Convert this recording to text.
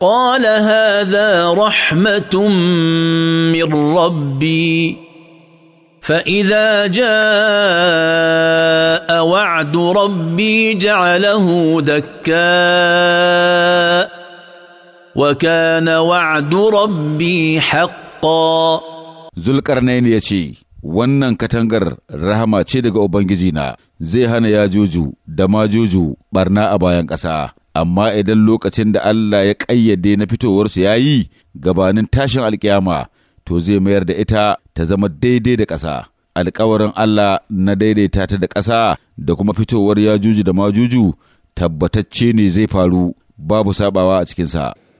قال هذا رحمه من ربي فاذا جاء وعد ربي جعله دكاء وكان وعد ربي حقا zulkarnain ya ce wannan katangar rahama ce daga ubangijina zai hana yajuju da majuju barna a bayan ƙasa amma idan lokacin da Allah ya ƙayyade na fitowarsu ya yi gabanin tashin alkiyama to zai mayar da ita ta zama daidai da ƙasa. Alkawarin Allah na daidaita ta da ƙasa da kuma fitowar yajuju da majuju tabbatacce ne zai faru babu sabawa a cikinsa.